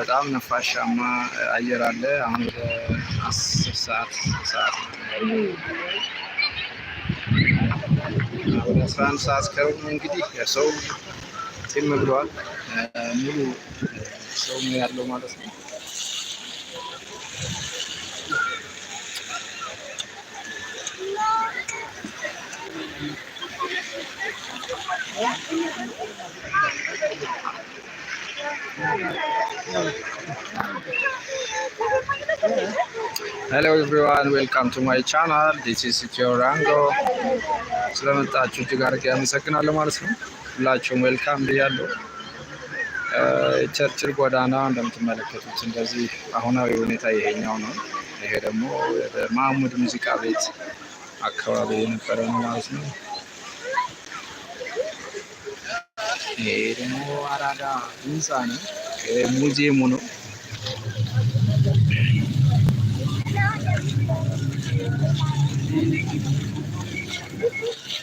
በጣም ነፋሻማ አየር አለ። አሁን ወደ አስር ሰዓት ሰዓት ወደ አስራ አንድ ሰዓት ከሩብ እንግዲህ ሰው ጢም ብለዋል። ሙሉ ሰው ነው ያለው ማለት ነው። ሄሎ ኤቭሪዋን ዌልካም ቱ ማይ ቻናል ዲስ ኢዝ ኢትዮ ራንጎ። ስለመጣችሁ እጅግ አድርጌ አመሰግናለሁ ማለት ነው። ሁላችሁም ዌልካም ብያለሁ። ቸርችል ጎዳና እንደምትመለከቱት እንደዚህ አሁናዊ ሁኔታ ይሄኛው ነው። ይሄ ደግሞ ማህሙድ ሙዚቃ ቤት አካባቢ የነበረ ነው ማለት ነው። 에레모아라라 인사는 그 무지무노 Thank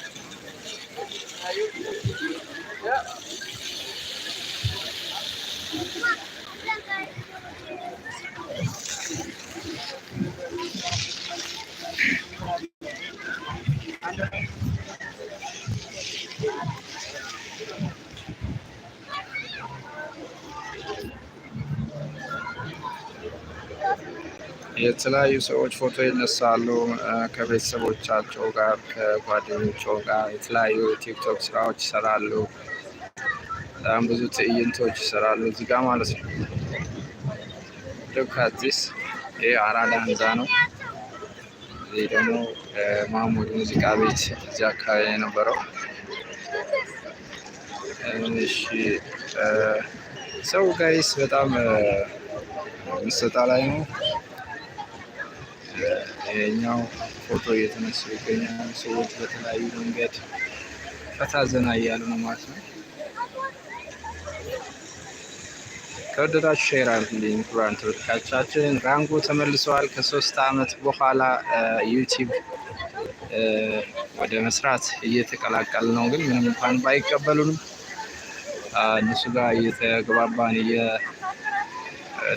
you. የተለያዩ ሰዎች ፎቶ ይነሳሉ ከቤተሰቦቻቸው ጋር ከጓደኞቻቸው ጋር የተለያዩ ቲክቶክ ስራዎች ይሰራሉ። በጣም ብዙ ትዕይንቶች ይሰራሉ እዚህ ጋር ማለት ነው። ሉክ አት ዚስ አራዳ ህንፃ ነው። እዚህ ደግሞ ማሙድ ሙዚቃ ቤት እዚህ አካባቢ የነበረው እሺ ሰው ጋይስ በጣም ምስጣ ላይ ነው። ይህኛው ፎቶ እየተነሱ ይገኛል። ሰዎች በተለያዩ መንገድ ፈታ ዘና እያሉ ነው ማለት ነው። ከወደዳችሁ ሼር አድርጉልኝ። ኩራን ተመልካቻችን ራንጎ ተመልሰዋል። ከሶስት አመት በኋላ ዩቲዩብ ወደ መስራት እየተቀላቀል ነው። ግን ምንም እንኳን ባይቀበሉንም እነሱ ጋር እየተግባባን እየ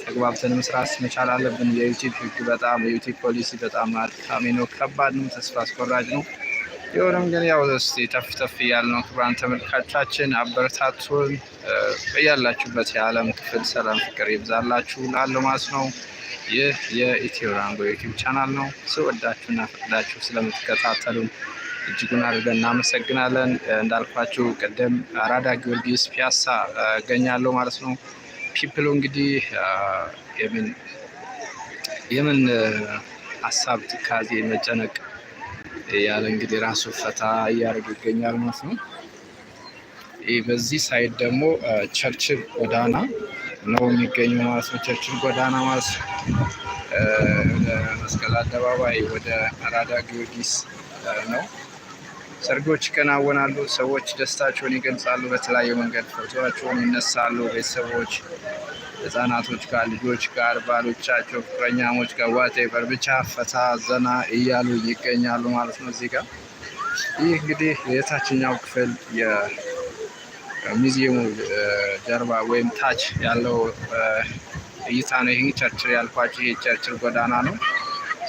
ተግባብተን መስራት መቻል አለብን። የዩቲዩብ ህግ በጣም የዩቲዩብ ፖሊሲ በጣም አድካሚ ነው፣ ከባድ ነው፣ ተስፋ አስቆራጭ ነው። የሆነም ግን ያው ስ ተፍ እያል ነው። ክቡራን ተመልካቻችን አበረታቱን። በያላችሁበት የዓለም ክፍል ሰላም፣ ፍቅር ይብዛላችሁ ላለው ማለት ነው። ይህ የኢትዮ ራንጎ ዩቲዩብ ቻናል ነው። ስወዳችሁና ፈቅዳችሁ ስለምትከታተሉን እጅጉን አድርገን እናመሰግናለን። እንዳልኳችሁ ቅድም አራዳ ጊዮርጊስ ፒያሳ እገኛለሁ ማለት ነው። ፒፕሎ እንግዲህ የምን ሀሳብ ትካዜ መጨነቅ ያለ እንግዲህ ራሱ ፈታ እያደረገ ይገኛል ማለት ነው። በዚህ ሳይድ ደግሞ ቸርችል ጎዳና ነው የሚገኙ ማለት ነው። ቸርችል ጎዳና ማለት ወደ መስቀል አደባባይ ወደ አራዳ ጊዮርጊስ ነው። ሰርጎች ይከናወናሉ። ሰዎች ደስታቸውን ይገልጻሉ። በተለያየ መንገድ ፎቶቸውን ይነሳሉ። ቤተሰቦች፣ ህጻናቶች ጋር፣ ልጆች ጋር፣ ባሎቻቸው፣ ፍቅረኛሞች ጋር ዋቴበር ብቻ ፈታ ዘና እያሉ ይገኛሉ ማለት ነው። እዚህ ጋር ይህ እንግዲህ የታችኛው ክፍል የሚዚየሙ ጀርባ ወይም ታች ያለው እይታ ነው። ይህ ቸርችል ያልኳቸው ይሄ ቸርችል ጎዳና ነው።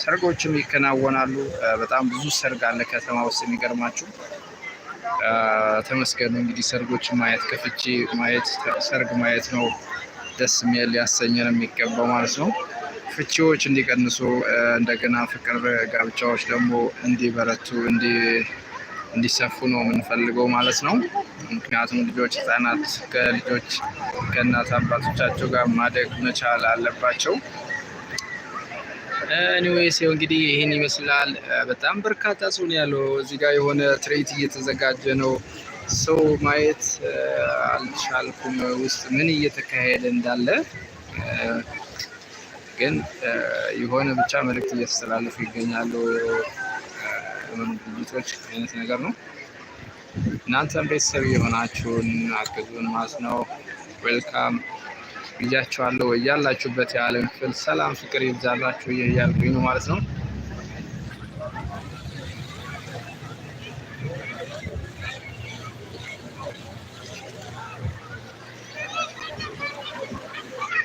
ሰርጎችም ይከናወናሉ። በጣም ብዙ ሰርግ አለ ከተማ ውስጥ የሚገርማችሁ። ተመስገን እንግዲህ ሰርጎችን ማየት ከፍቼ ማየት ሰርግ ማየት ነው ደስ የሚል ያሰኘን የሚገባው ማለት ነው። ፍቺዎች እንዲቀንሱ እንደገና ፍቅር ጋብቻዎች ደግሞ እንዲበረቱ እንዲሰፉ ነው የምንፈልገው ማለት ነው። ምክንያቱም ልጆች ሕጻናት ከልጆች ከእናት አባቶቻቸው ጋር ማደግ መቻል አለባቸው። ኒዌስ ይኸው እንግዲህ ይህን ይመስላል። በጣም በርካታ ሰው ነው ያለው እዚህ ጋር የሆነ ትርኢት እየተዘጋጀ ነው። ሰው ማየት አልቻልኩም ውስጥ ምን እየተካሄደ እንዳለ ግን የሆነ ብቻ መልእክት እየተስተላለፉ ይገኛሉ። ድርጅቶች አይነት ነገር ነው። እናንተም ቤተሰብ የሆናችሁን አግዙን ማለት ነው። ዌልካም ብያችኋለሁ። እያላችሁበት የዓለም ክፍል ሰላም፣ ፍቅር ይብዛላችሁ እያልኩኝ ነው ማለት ነው።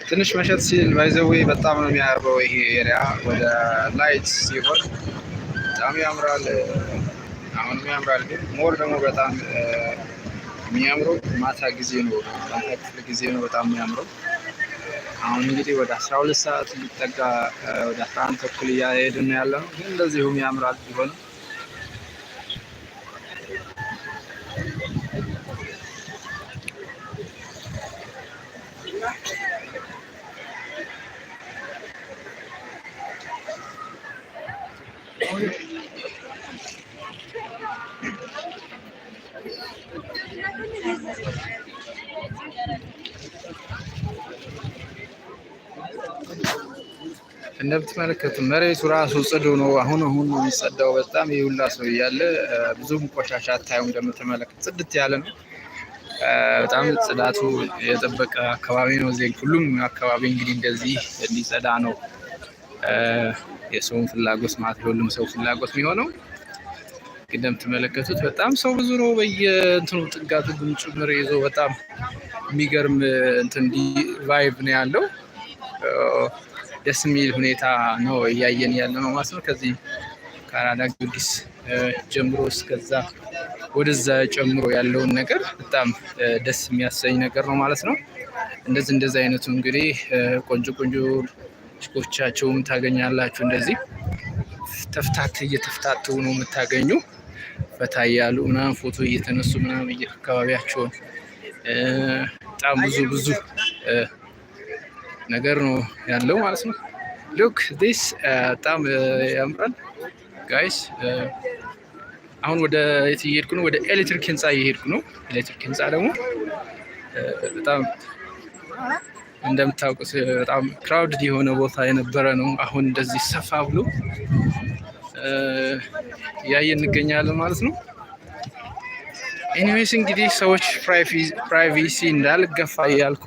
ትንሽ መሸት ሲል ባይዘዌ በጣም ነው የሚያርበው ይሄ ኤሪያ ወደ ላይት ሲሆን በጣም ያምራል። አሁንም ያምራል፣ ግን ሞር ደግሞ በጣም የሚያምረው ማታ ጊዜ ነው። ጊዜ ነው በጣም የሚያምረው። አሁን እንግዲህ ወደ አስራ ሁለት ሰዓት ሊጠጋ ወደ አስራ አንድ ተኩል እያሄድን ያለ ነው። ግን እንደዚሁም ያምራል ቢሆንም እንደምትመለከቱ መሬቱ ራሱ ጽዱ ነው። አሁን አሁን ነው የሚጸዳው። በጣም ይውላ ሰው እያለ ብዙም ቆሻሻ አታዩም። እንደምትመለከቱ ጽድት ያለ ነው። በጣም ጽዳቱ የጠበቀ አካባቢ ነው። እዚህ ሁሉም አካባቢ እንግዲህ እንደዚህ እንዲጸዳ ነው የሰውን ፍላጎት ማለት ሁሉም ሰው ፍላጎት የሚሆነው እንደምትመለከቱት በጣም ሰው ብዙ ነው። በየእንትኑ ጥጋቱ ጉምጭ ምር ይዞ በጣም የሚገርም እንትን ቫይብ ነው ያለው። ደስ የሚል ሁኔታ ነው እያየን ያለ ነው ማለት ነው። ከዚህ ከአራዳ ጊዮርጊስ ጀምሮ እስከዛ ወደዛ ጨምሮ ያለውን ነገር በጣም ደስ የሚያሰኝ ነገር ነው ማለት ነው። እንደዚህ እንደዚህ አይነቱ እንግዲህ ቆንጆ ቆንጆ ችኮቻቸውም ታገኛላችሁ። እንደዚህ ተፍታት እየተፍታቱ ነው የምታገኙ። ፈታ እያሉ ምናምን ፎቶ እየተነሱ ምናምን አካባቢያቸውን በጣም ብዙ ብዙ ነገር ነው ያለው ማለት ነው። ሉክ ዲስ በጣም ያምራል ጋይስ። አሁን ወደ የት እየሄድኩ ነው? ወደ ኤሌክትሪክ ህንፃ እየሄድኩ ነው። ኤሌክትሪክ ህንፃ ደግሞ በጣም እንደምታውቁት በጣም ክራውድድ የሆነ ቦታ የነበረ ነው። አሁን እንደዚህ ሰፋ ብሎ እያየን እንገኛለን ማለት ነው። ኤኒዌይስ እንግዲህ ሰዎች ፕራይቬሲ እንዳልገፋ እያልኩ